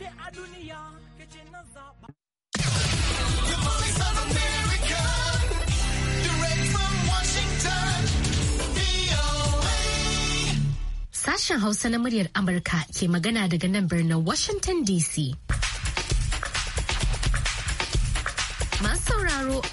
daɗe a duniya kace na zaɓa. Sashen Hausa na muryar Amurka ke magana daga nan birnin Washington DC.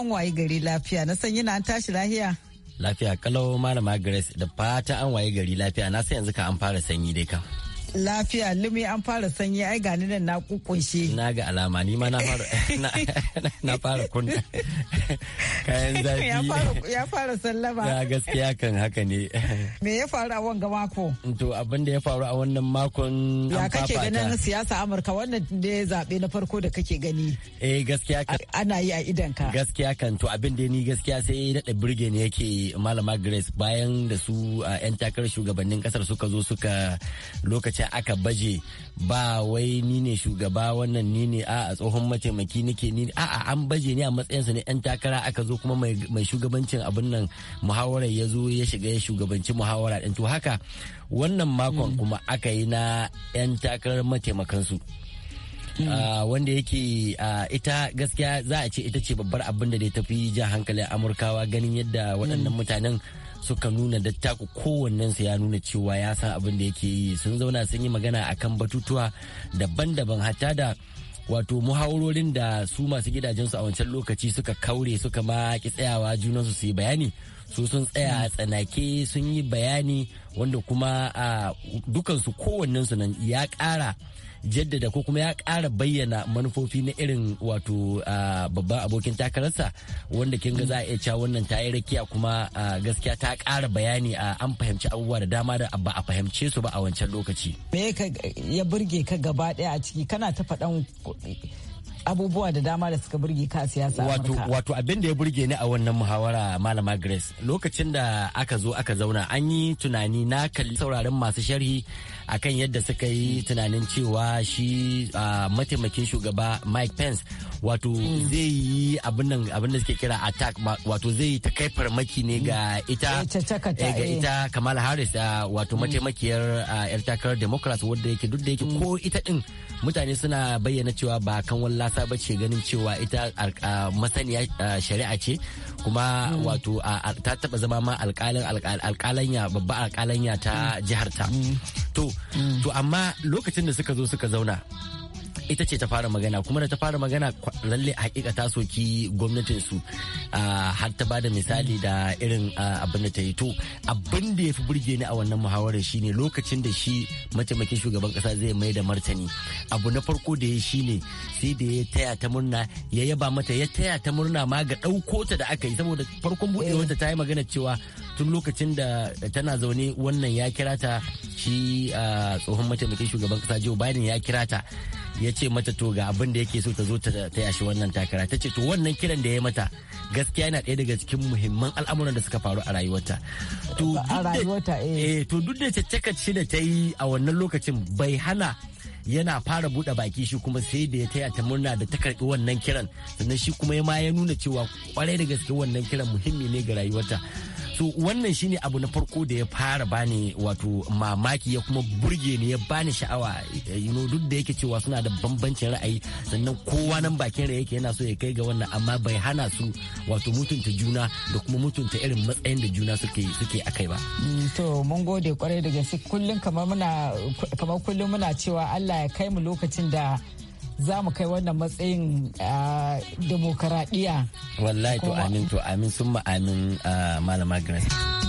an wayi gari lafiya na san yana an tashi lafiya. Lafiya kalau malama Grace da fata an wayi gari lafiya na san yanzu ka an fara sanyi dai kan lafiya limi an fara sanyi ai gani nan na kukunshe na ga alama ni ma na fara na fara kunna kayan zafi ya fara sallama ya gaskiya kan haka ne me ya faru a wanga mako to abin da ya faru a wannan makon ya kake ganin siyasa amurka wannan da zabe na farko da kake gani eh gaskiya kan ana yi a idan ka gaskiya kan to abin da ni gaskiya sai da burge ne yake malama grace bayan da su yan takarar shugabannin kasar suka zo suka lokacin ce aka baje ba wai ni ne shugaba wannan ni ne a tsohon mataimaki nake ni a a an baje ne a matsayinsa ne yan takara aka zo kuma mai shugabancin abin nan muhawarar ya zo ya shiga ya shugabanci muhawara din to haka wannan makon mm. kuma aka yi na yan takarar mataimakansu mm. ah, wanda yake ah, ita gaskiya za a ce ita ce babbar abin da dai tafi jan hankalin amurkawa ganin yadda waɗannan mm. mutanen suka nuna dattaku kowannensu ya nuna cewa ya san abin da yake yi sun zauna sun yi magana akan batutuwa daban-daban hatta da wato muhawarorin da su masu gidajensu a wancan lokaci suka kaure suka ma ki tsayawa junansu su yi bayani su sun tsaya a tsanake sun yi bayani wanda kuma a dukansu kowannensu nan ya ƙara jaddada ko kuma ya kara bayyana manufofi na irin wato babban abokin takararsa wanda kin ga za a iya cewa wannan ta yi rakiya kuma gaskiya ta kara bayani a an fahimci abubuwa da dama da ba a fahimce su ba a wancan lokaci. Me ya burge ka gaba ɗaya a ciki kana ta faɗan abubuwa da dama da suka burge ka siyasa wato wato abin da ya burge ni a wannan muhawara malama grace lokacin da aka zo aka zauna an yi tunani na kalli sauraron masu sharhi akan yadda suka yi tunanin cewa shi mataimakin shugaba mike pence wato hmm. zai yi abin da suke kira attack wato zai ta kai farmaki ne ga hmm. ita eh, eh, ga eh. ita kamala harris wato hmm. mataimakiyar yar takarar democrats wadda yake duk da yake ko ita din mutane suna bayyana cewa ba kan walla wasa ba ce ganin cewa ita masaniya shari'a ce kuma mm. wato ta taba zama ma alkalin alkalanya babba alkalanya ta mm. jiharta mm. to amma lokacin da suka zo suka zauna ita ce ta fara magana kuma da ta fara magana lalle hakika ta soki gwamnatin su ah, har ta bada misali da irin ah, abin da ta yi to abin da ya fi burge ni a wannan muhawarar shine lokacin da shi mataimakin shugaban kasa zai mai da martani abu na farko da ya shine sai da ya taya ta murna ya yaba mata ya taya ta murna ma ga ɗauko ta da aka yi saboda farkon buɗewar ta yi magana cewa tun lokacin da tana zaune wannan ya kira ta shi tsohon mataimakin shugaban kasa Joe Biden ya kira ta ya ce mata to ga abin da yake so ta zo ta yashi wannan takara ta ce to wannan kiran da ya mata gaskiya yana ɗaya daga cikin muhimman al'amuran da suka faru a rayuwarta to eh. Eh, duk da caccakar da ta yi a wannan lokacin bai hana yana fara bude baki shi kuma sai da ya taya ta murna da ta karbi wannan kiran sannan shi kuma ya ma ya nuna cewa kwarai da gaske wannan kiran muhimmi ne ga rayuwarta so wannan shine abu na farko da ya fara bani wato mamaki ya kuma burge ni ya bani sha'awa you know duk da yake cewa suna da bambancin ra'ayi sannan kowa nan bakin rai yake yana so ya kai ga wannan amma bai hana su wato mutunta juna da kuma mutunta irin matsayin da juna suke suke akai ba mm, to mun gode kwarai da gaske kullum kamar muna kamar kullum muna cewa Allah ya kai mu lokacin da za mu kai wannan matsayin demokaradiyya. Wallahi to amin to amin sun ma'amin malama Grace.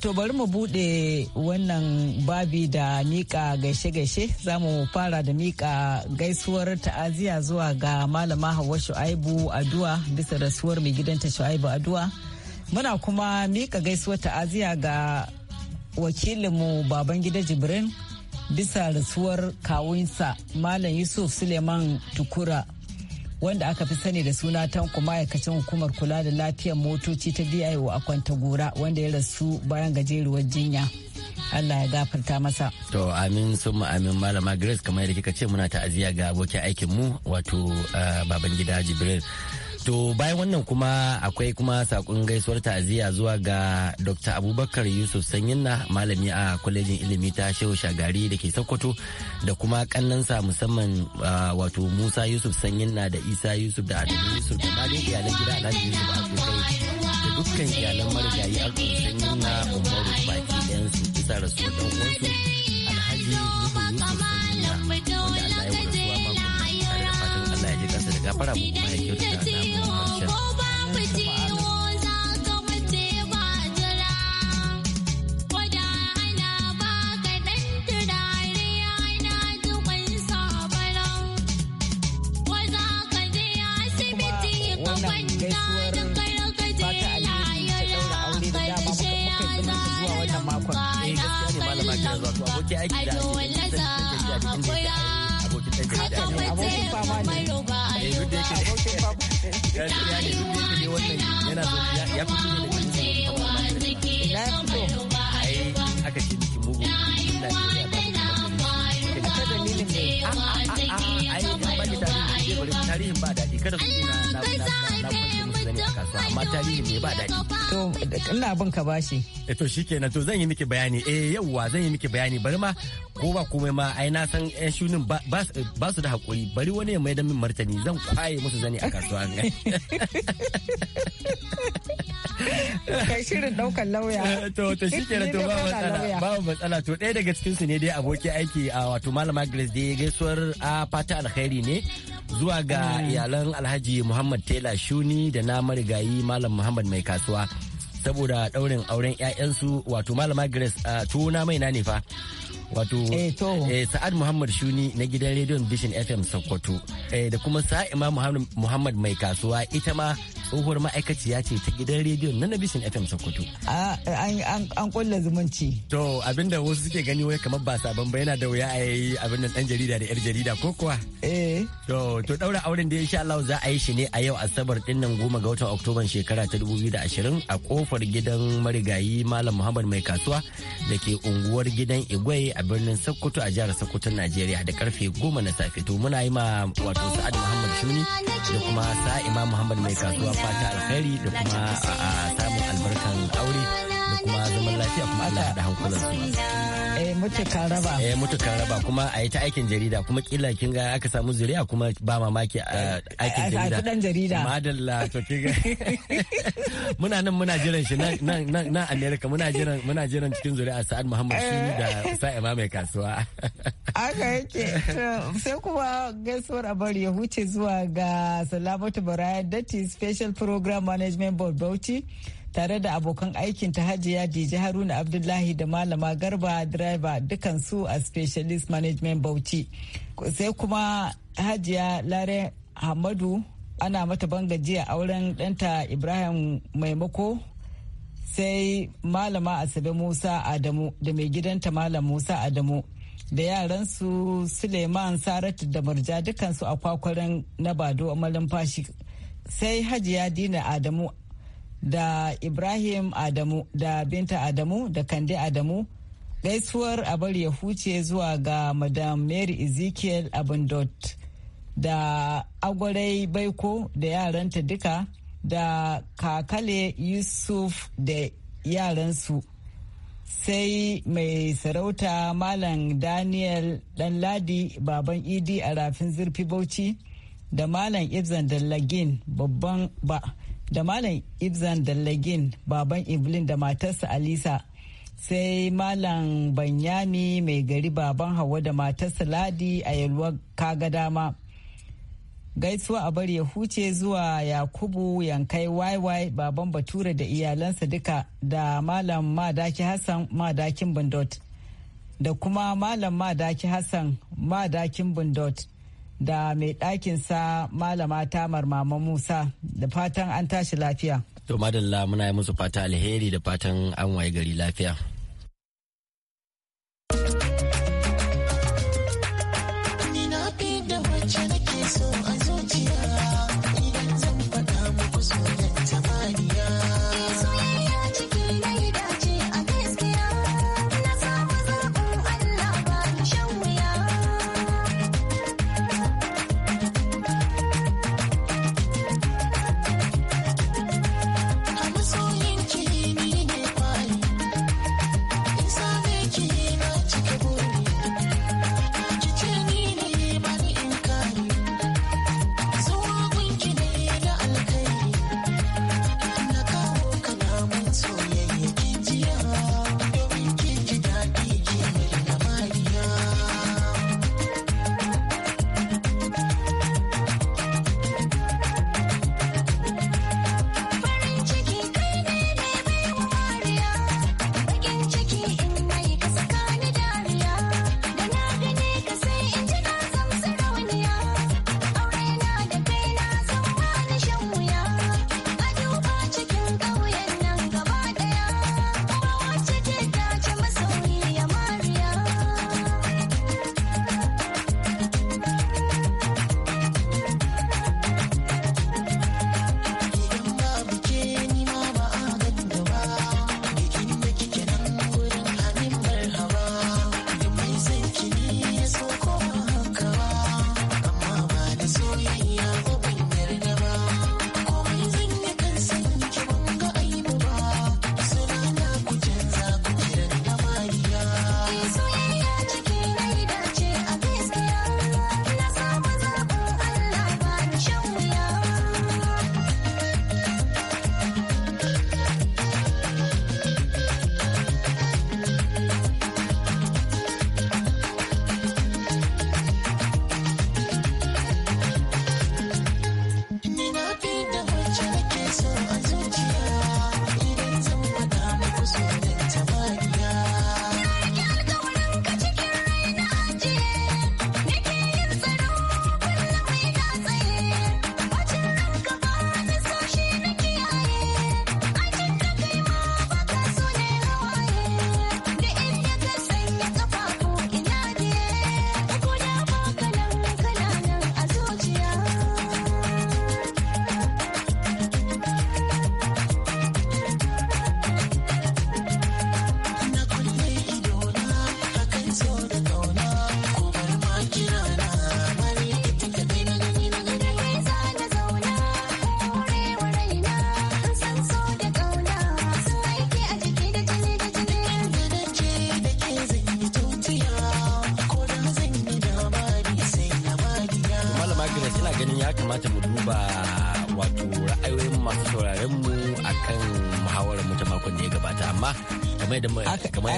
to bari mu bude wannan babi da mika gaishe-gaishe za mu fara da mika gaisuwar ta'aziya zuwa ga malama hawa shu'aibu aduwa bisa rasuwar mai gidanta shu'aibu aduwa muna kuma mika gaisuwar ta'aziya ga wakilinmu baban gida jibrin bisa rasuwar kawunsa malam yusuf suleiman tukura wanda aka fi sani da suna tanko ma'aikacin hukumar kula da lafiyar motoci ta dio a kwanta kwantagora wanda ya rasu bayan gajeruwar jinya Allah ya gafarta masa. To amin sun amin malama Grace kamar yadda kika ce muna ta'aziyya ga abokin aikin mu wato uh, baban gida Jibril. To bayan wannan kuma akwai kuma sakon gaisuwar ta'aziyya zuwa ga Dr. Abubakar Yusuf Sanyinna malami a kwalejin ilimi ta Shehu Shagari da ke Sokoto da kuma kannansa musamman wato Musa Yusuf Sanyinna da Isa Yusuf da Adamu Yusuf da malin iyalan gida Alhaji Yusuf Akokai da dukkan iyalan marigayi Alko Sanyinna Umaru baki ɗayan su isa rasuwar da uwansu Alhaji Nuhu Yusuf Sanyinna wanda Allah ya wurasuwa mako tare da fatan Allah ya ji kansa da gafara mu kuma ya kyautata abin ka bashi E to shikenan to zan yi miki bayani eh yauwa zan yi miki bayani bari ma ko ba komai ma ai na san yan shunin ba su da hakuri bari wani ya mai da min martani zan kwaye musu zani a kasuwa kai shirin daukan lauya eh, to to shikenan to ba matsala ba matsala to ɗaya daga cikin su ne dai aboki aiki a wato malama Grace dai gaisuwar a fata alkhairi ne zuwa ga iyalan Alhaji Muhammad Taylor Shuni da na marigayi Malam Muhammad mai kasuwa saboda daurin auren 'ya'yansu wato malama grace a mai na ne fa wato eh, eh, sa'ad muhammad shuni na gidan rediyon bishin fm sokoto eh, da kuma sa'ima muhammad mai kasuwa ita ma tsohuwar ma'aikaciya ce ta gidan rediyon na bishin fm sokoto an kulla zumunci to abinda wasu suke gani wai kamar ba sabon ba yana da wuya a yi abin nan dan jarida da yar jarida ko kuwa eh to to daura auren da insha Allah za a yi shi ne a yau asabar din nan goma ga watan oktoban shekara ta 2020 a kofar gidan marigayi malam muhammad mai kasuwa da ke unguwar gidan igwai a birnin Sokoto a jihar Sokoto Najeriya da karfe goma na safe to muna yi ma wato Sa'ad Muhammad Shuni da kuma Sa'ima Muhammad mai kasuwa fata alkhairi da kuma samun albarkan aure kuma zaman lafiya kuma Allah da hankulan su. Eh mutukan raba. Eh mutukan raba kuma a yi ta aikin jarida kuma kila kin ga aka samu zuriya kuma ba mamaki a eh, aikin jarida. A dan jarida. Madalla to kin ga. Muna nan muna jiran shi nan nan nan America muna jiran muna jiran cikin zuriya Sa'ad Muhammad eh. shi da Sa'ima mai kasuwa. Aka yake sai kuma gaisuwar a bari ya huce zuwa ga Salamatu Baraya is Special Program Management Board Bauchi. tare da abokan aikin ta hajiya dj Haruna Abdullahi da Malama Garba Driver dukansu a Specialist Management Bauchi. Sai kuma hajiya Lare Hamadu ana mata a auren danta Ibrahim Maimako sai Malama Asabe Musa Adamu da mai gidanta Malam Musa Adamu. da yaransu suleiman saratu da murja dukansu a kwakwaren na bado fashi sai hajiya dina adamu da Ibrahim Adamu da Binta Adamu da Kande Adamu. Gaisuwar a bari ya huce zuwa ga Madam Mary Ezekiel Abundot da Agwarai Baiko da yaranta duka da Kakale Yusuf da yaransu. Sai mai sarauta Malam Daniel Danladi Baban Idi a rafin zurfi Bauchi da Malam Ibzan Dallagin babban ba. da malam ibzan dallagin baban evelyn da matarsa alisa sai malam banyami mai gari baban hawa da matarsa ladi a yalwa kaga dama gaisuwa a bari ya huce zuwa yakubu yankai waiwai baban bature da iyalansa duka da malam madaki hassan madakin bundot da kuma malam madaki hassan madakin bundot da mai ɗakinsa malama tamar mama musa da fatan an tashi lafiya to madalla muna yi musu fata alheri da fatan an waye gari lafiya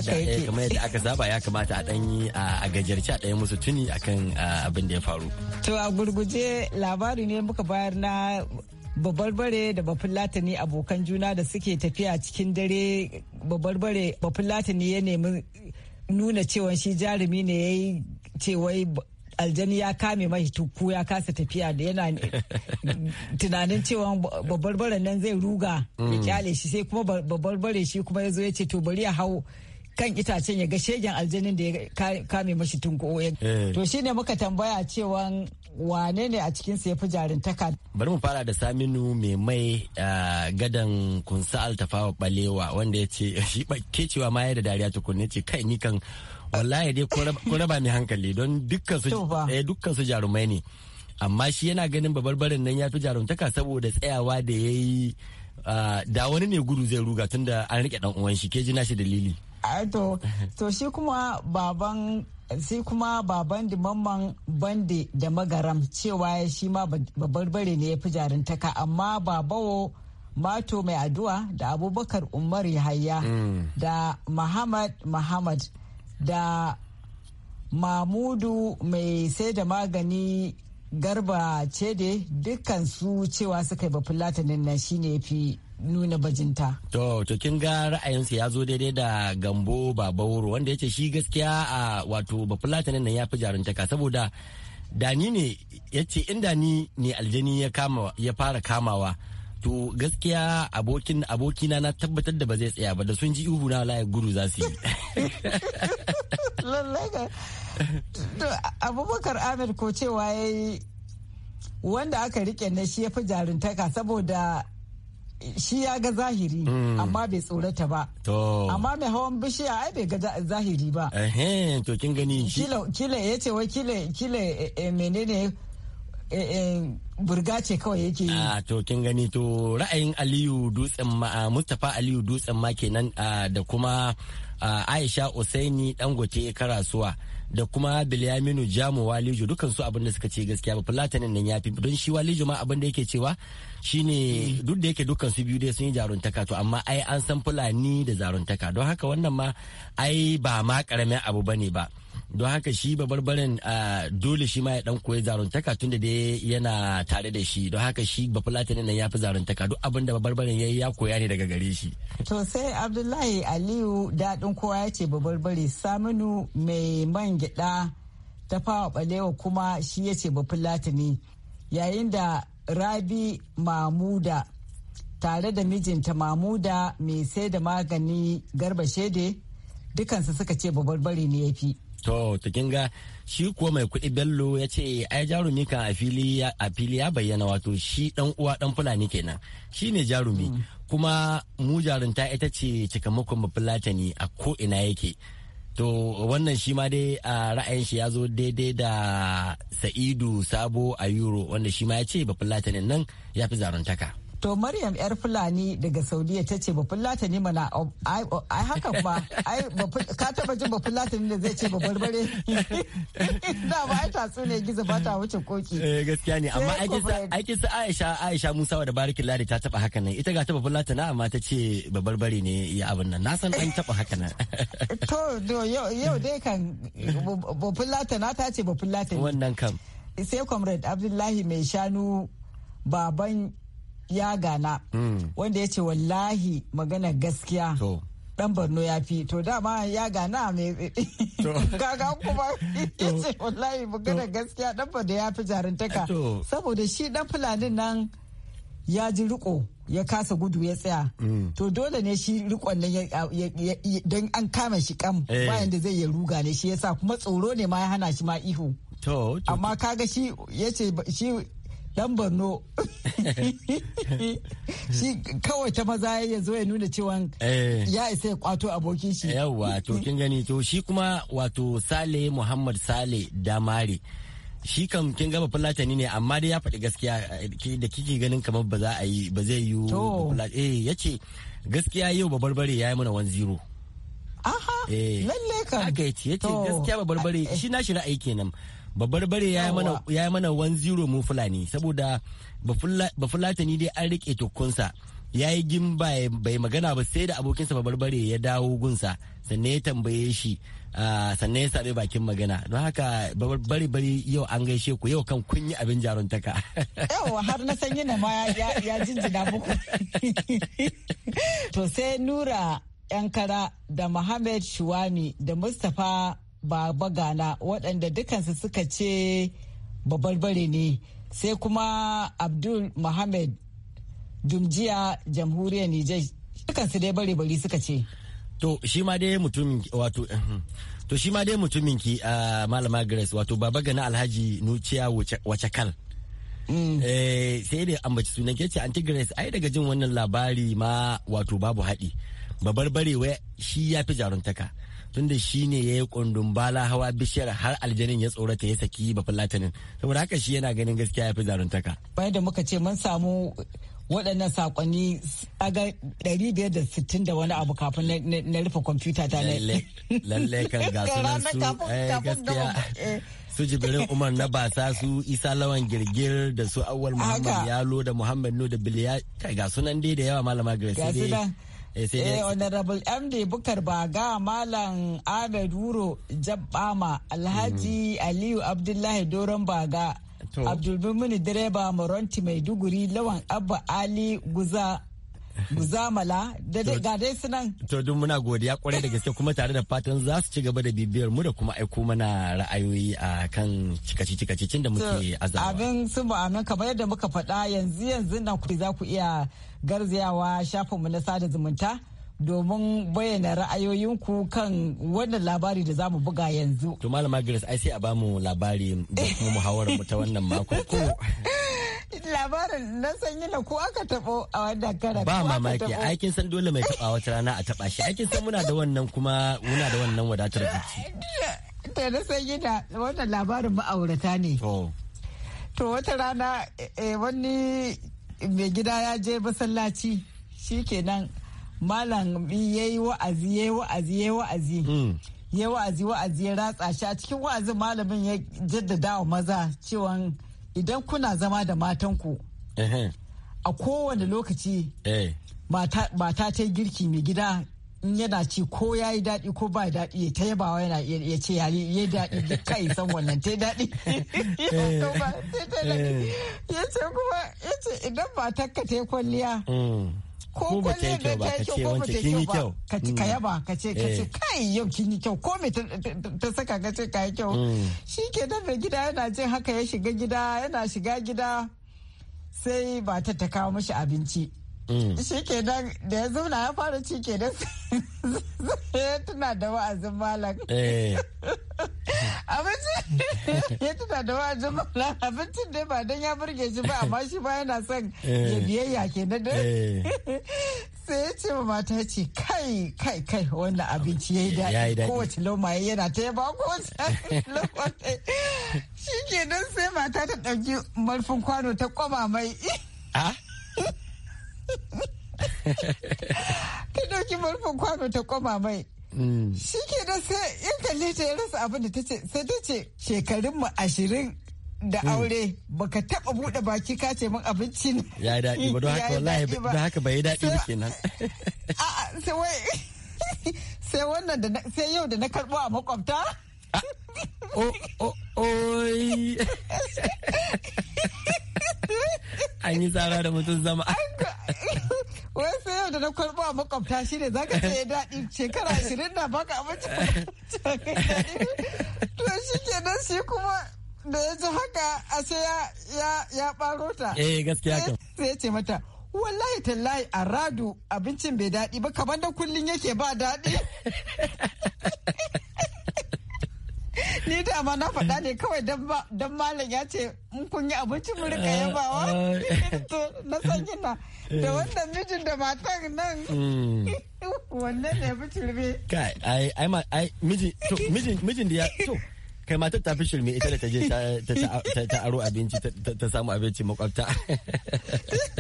Eh, kamar yadda aka saba ya kamata a ɗanyi a gajarci a ɗaya musu tuni akan abin da ya faru. To a gurguje labari ne muka bayar na babarbare da latani abokan juna da suke tafiya cikin dare babarbare latani ya nemi nuna cewa shi jarumi ne ya yi cewai aljani ya kame mai tuku ya kasa tafiya da yana tunanin cewa babarbaren nan zai ruga ya mm. kyale shi sai kuma babarbare shi kuma ya zo ya ce to bari a hau kan itacen ya ga shegen aljanin da ya kame mashi tunko eh. to shine muka tambaya cewa wane ne a cikin ya fi jarintaka bari mu fara da saminu mai mai gadan kunsa altafawa balewa wanda ya ce shi cewa ma ya da dariya tukunne ce kai ni kan wallahi dai ko raba mai hankali don dukkan su eh, jarumai ne amma shi yana ganin babarbarin nan ya fi jarumtaka saboda tsayawa da ya yi da wani ne gudu zai ruga tunda an rike ɗan uwan shi ke ji nashi dalili to to shi kuma baban sai kuma baban mamman bande da magaram cewa shi ma bare ne ya fi jarintaka amma babawo mato mai addu'a da abubakar umar yahaya mm. da muhammad muhammad da mamudu mai sai da magani garba cede dukkan su cewa suka yi bafulatanin nan shine fi nuna bajinta. To, to kin ga ra'ayinsa ya zo daidai da gambo babawuro wanda ya ce shi gaskiya a wato bafulatanin nan ya fi jaruntaka saboda dani ne ya ce inda ni ne aljani ya kama ya fara kamawa to gaskiya abokin abokina na tabbatar da ba zai tsaya ba da sun ji ihu na layar gudu za su yi abubakar ahmed ko cewa ya yi wanda aka rike na shi ya fi jaruntaka saboda shi ya ga zahiri mm. amma bai tsorata ba amma mai hawan bishiya ai bai ga zahiri ba to kin gani kila ya ce wai kila eh, eh, menene eh, burga ce kawai yake yi. A ah, to kin gani to ra'ayin Aliyu Dutsen ma ah, Mustapha Aliyu Dutsen ma kenan ah, da kuma Aisha Usaini Dangote Karasuwa. da kuma bilyaminu jamu walijo dukansu abin da suka ce gaskiya ba fulatanin nan ya fi don shi walijo ma abin da yake cewa shine duk da yake dukkan su biyu dai sun yi jaruntaka to amma ai an san fulani da jaruntaka don haka wannan ma ai ba ma karamin abu bane ba don haka shi babarbaren dole shi ma ya dan koyi zaruntaka tunda dai yana tare da shi don haka shi bafulatanin nan ya fi zaruntaka duk abin da babarbaren ya yi ya koya ne daga gare shi. to sai abdullahi aliyu daɗin kowa ya ce babarbare saminu mai man gyaɗa ta fawa balewa kuma shi ya ce yayin da rabi mamuda tare da mijinta mamuda mai sai da magani garba shede dukansu suka ce babarbare ne ya fi. To, ta kinga shi kuwa mai kuɗi Bello ya ce ai jarumi kan a fili ya bayyana wato shi ɗan uwa ɗan Fulani kenan. Shi ne jarumi. Mm. Kuma mu jarunta ita ce cikamakon ne a ko ina yake. To wannan shi ma dai a ra'ayin shi ya zo daidai da Sa'idu Sabo a Euro wanda shi ma ya ce ne nan ya fi zaruntaka. To Maryam yar Fulani daga Saudiya ta ce bafin latani mana oh, ai oh, hakan ba ai ka taba jin bafin latani da zai ce ba barbare da ba ai tatsu ne gizo ba ta wuce koki. Eh gaskiya ne amma aikin sa Aisha Aisha Musa da Barikin Ladi ta taba hakan nan ita ga ta bafin latani amma ta ce ba barbare ne ya abin nan na san an taba hakan nan. To yau dai kan bafin latani ta ce bafin latani. Wannan kam. Sai Comrade Abdullahi mai shanu baban ya gana hmm. wanda ya ce wallahi magana gaskiya dan barno ya fi to dama ya gana mai gaga kuma ya ce wallahi magana gaskiya dan barno ya fi jarintaka saboda shi dan fulanin nan ya ji riko ya kasa gudu ya tsaya hmm. to dole ne shi rikon nan don an kama shi kam bayan eh. da zai ya ruga ne shi yasa kuma tsoro ne ma ya hana shi ma ihu amma kaga shi ya ce shi dan borno shi kawai ta maza ya zo ya nuna cewa eh. ya isa ya kwato abokin shi yawa to kin gani to shi kuma wato sale muhammad sale damari shi kam kin gaba fulatani ne amma dai ya faɗi gaskiya da kike ganin kamar ba za a yi ba zai yi eh ya ce gaskiya yau ba barbare ya yi mana 1-0 aha eh. lalle kan haka ya ce gaskiya ba barbare eh. shi na shi ra'ayi kenan babbar bare ya yi mana wan zero mu fulani saboda ba fulatani dai an rike tokkonsa ya yi gimba bai magana ba sai da abokinsa babbar bare ya dawo gunsa sannan ya tambaye shi sannan ya sami bakin magana don haka bare bare yau an gaishe ku yau kan kun yi abin jarumtaka. yau har na san na ma ya jinjina muku to sai nura yankara da muhammad shuwani da mustapha baba gana waɗanda dukansu suka ce babarbare ne sai kuma abdul mohamed dumjiya jamhuriyar nijar dukansu dai bare bari suka ce to shi ma dai mutum wato to shi ma dai mutumin ki a malama grace wato baba gana alhaji nuciya wace kal mm. eh, sai dai ambaci sunan ke ce anti grace ai daga jin wannan labari ma wato babu haɗi babarbare shi ya fi jaruntaka tunda shi ne ya yi kundun bala hawa bishiyar har aljanin ya tsorata ya saki ba fulatinin saboda haka shi yana ganin gaskiya ya fi zaruntaka. bayan da muka ce mun samu waɗannan sakonni aga 560 da wani abu kafin na rufe kwamfuta ta lalle kan gasunan su eh, gaskiya eh. su jibirin umar na basa su isa lawan girgir da su awal muhammad yalo da muhammad no da biliya ga sunan dai da yawa malama gresi dai eh, eh honorable md bukar baga malam ahmed wuro jabbama alhaji mm. aliyu abdullahi doron baga abdulmumini direba moronti maiduguri lawan abba ali guza Guzamala da ga dai sunan. To duk muna godiya kwarai da gaske kuma tare da fatan za su ci gaba da bibiyar mu da kuma aiko mana ra'ayoyi a kan cikaci cikacicin da muke azawa. Abin sun ba amin kamar yadda muka faɗa yanzu yanzu nan ku za ku iya garzayawa shafinmu na sada zumunta domin bayyana ra'ayoyinku kan wannan labari da za mu buga yanzu. To Malama Grace ai sai a bamu labari da kuma muhawarar mu ta wannan mako ko. Labarin na sanyi na ko aka tabo a wannan karan. Ba mamaki aikin san dole mai taba wata rana a taba shi aikin san muna da wannan kuma muna da wannan wadatar biki. Da na sanyi na wannan labarin ma'aurata ne. To wata rana eh, eh, wani mai gida ya je masallaci shikenan malam ya yi wa'azi ya yi wa'azi ya yi wa'azi hmm. ya wa'azi wa'azi ya ratsa shi a cikin wa'azin malamin ya jaddada wa maza cewa idan kuna zama da matanku a kowane lokaci eh. mata ta girki mai gida in yana ci ko ya yi daɗi ko ba daɗi ya ta yabawa yana ya ce ya yi daɗi kai san wannan ta daɗi eh, eh. ya ce kuma ya ce idan ba takka ta kwalliya ko kwalliya da ta yi kyau mm. ko ba ta yi kyau ba ka mm. yaba ka ce ka ce eh. kai yau kin yi kyau ko me ta saka ka ce ka yi kyau mm. shi ke da gida yana jin haka ya shiga gida yana shiga gida sai ba ta ta kawo mashi abinci Mm. shi nan da ya zauna ya fara ci kenan ya tuna da wa'azin malam eh. abincin ya tuna da wa'azin malam abincin dai ba don ya burge shi ba amma shi ba yana son ya eh. biyayya nan da eh. sai ya ce ma mata ce kai kai kai wannan abinci ya yi daɗi kowace loma yana ta yaba kowace loma shi nan sai mata ta ɗauki marfin kwano ta kwama mai ah? Ka ɗauki murfin kwano ta koma mai mm. shi ke da sai yan kalli ta ya rasa abin da ta ce sai ta ce shekarun mu ashirin da mm. aure baka taba bude baki ka ce min abinci ne ya daɗi ba don haka wallahi don haka bai daɗi ba kenan sai wai sai wannan da sai yau da na karbo a makwabta ah, oh, oh, oi an yi tsara da mutum zama wai sai yau da na kwalba a makwabta shi ne zaka ce ya daɗi shekara ashirin na baka abinci to shi nan shi kuma da ya ji haka a sai ya ya ɓaro ta eh gaskiya ka sai ya ce mata wallahi tallahi a radu abincin bai daɗi ba kamar da kullun yake ba daɗi Ni da ma na faɗa ne kawai don malam ya ce in kun yi abinci mu rika eh, yabawa. Eh, to na san eh. na da wannan mijin da matan nan. Mm. Wannan ne fi shirme. Kai, ai, ai, mijin da ya, to, kai matar ta fi shirme ita da ta je ta aro abinci ta samu abinci makwabta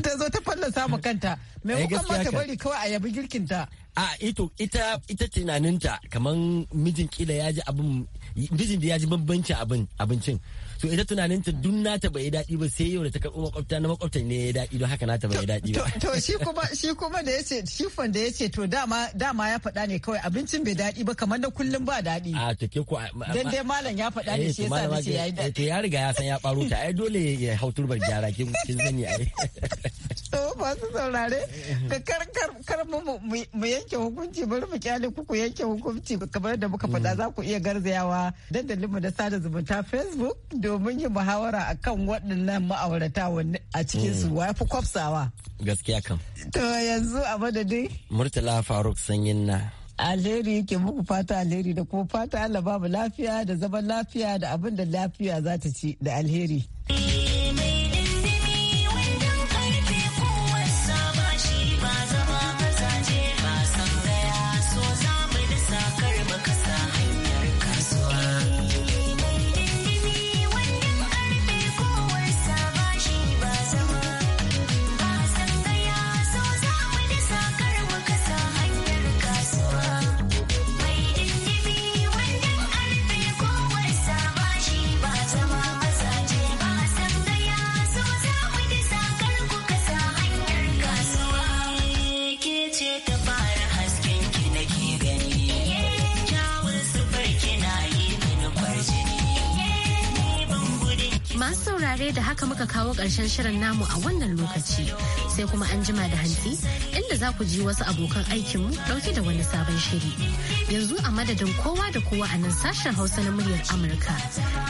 ta zo ta falla samu kanta mai kuma ta bari kawai a yabi girkin ta a ito ita ita tunaninta kaman mijin kila ya ji abin mijin da ya ji bambancin abincin to ita tunanin ta dun nata bai daɗi ba sai yau da ta karɓo makwabta na makwabta ne ya daɗi don haka nata bai daɗi ba to shi kuma shi kuma da yace shi da yace to dama dama ya faɗa ne kawai abincin bai daɗi ba kamar na kullum ba daɗi a to ke ko dan dai malam ya faɗa ne eh, shi yasa nace yayi eh, daɗi to ya riga ya san ya ɓaro ta ai dole ya hau turbar gyara ke kin sani ai to masu saurare ka kar kar mu yanke hukunci bari mu kyale ku ku yanke hukunci kamar da muka faɗa mm. za ku iya garzayawa dandalinmu da sada zumunta facebook do Domin yin yi muhawara kan waɗannan ma'aurata a cikin su mm. wa fi kwafsawa. Gaskiya kan. To yanzu a madadi. Murtala Faruk Sanyin na. alheri yake muku fata alheri da kuma fata Allah babu lafiya da zaman lafiya da abin da lafiya za ta ci da alheri. karshen shirin namu a wannan lokaci sai kuma an jima da hanti inda za ku ji wasu abokan aikinmu ɗauke da wani sabon shiri. Yanzu a madadin kowa da kowa a nan sashen Hausa na muryar Amurka.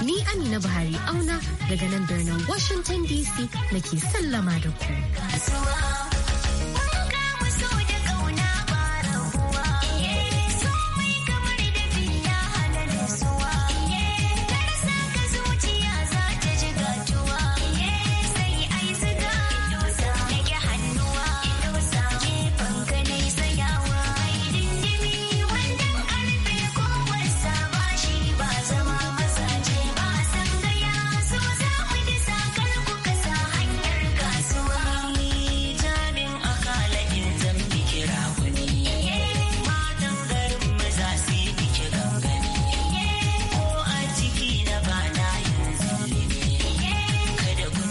Ni Amina Buhari auna daga nan birnin Washington DC nake sallama da ku.